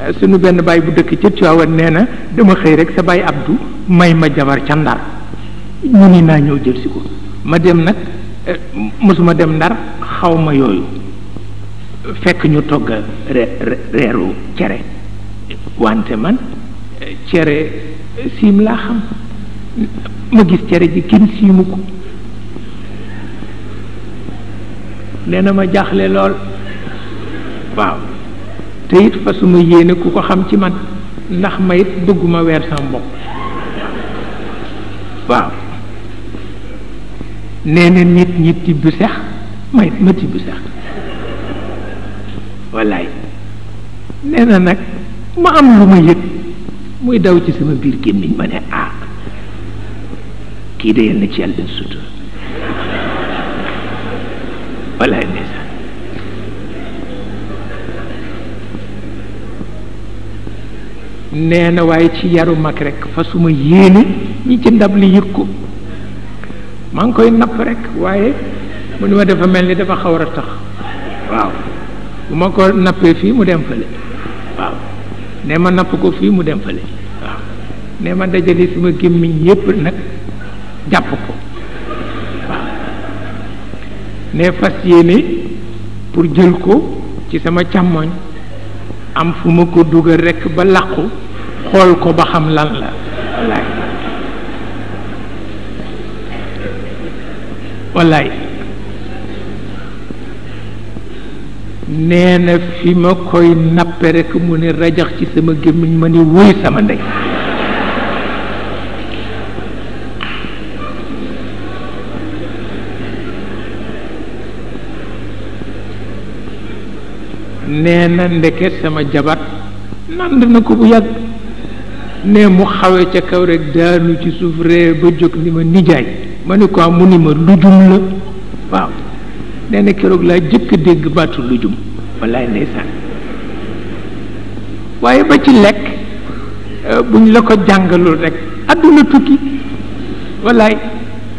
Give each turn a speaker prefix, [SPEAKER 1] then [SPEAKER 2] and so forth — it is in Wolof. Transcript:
[SPEAKER 1] Eh, suñu benn baay bu dëkk ci Tiwaawan nee na dama xëy rek sa baay Abdou may ma jabar ca Ndar ñu ni naa ñëw jël ko ma dem nag eh, mosuma dem Ndar xaw ma yooyu fekk ñu togg re reeru cere wante man eh, cere siim laa xam ma gis cere ji kenn siimu ko nee na ma jaaxle lool waaw te it fasuma yéene ku ko xam ci man ndax ma it bëgguma weer sama bopp waaw nee na nit ñi tibb sax ma it ma tibb sax wallaay nee nag ma am lu ma yëg muy daw ci sama biir gémmiñ ma ne ah kii de yal na ci yàlla sutura wallaay nee na waaye ci yaru mag rek fa suma yéene ñi ci ndab li yëg ko maa ngi koy napp rek waaye mu ni ma dafa mel ni dafa xawar a tax waaw bu ma ko nappee fii mu dem fële waaw nee ma napp ko fii mu dem fële waaw nee ma dajale suma gémmiñ yépp nag jàpp ko waaw nee fas yéene pour jël ko ci sama càmmoñ am fu ma ko dugal rekk ba làqu xool ko ba xam lan la wallaay nee na fi ma koy nappe rekk mu ne rajax ci sama gémmiñ ma ni wuy sama ndey nee na ndeke sama jabar nànd na ko bu yàgg ne mu xawee ca kaw rek daanu ci suuf ree ba jóg ni ma nijaay ma ne ko mu ni ma lujum la waaw nee na keroog laa jëkk dégg baatu lujum wallaay ndeysaan waaye ba ci lekk eh, buñ la ko jàngalul rek àdduna tukki wallaay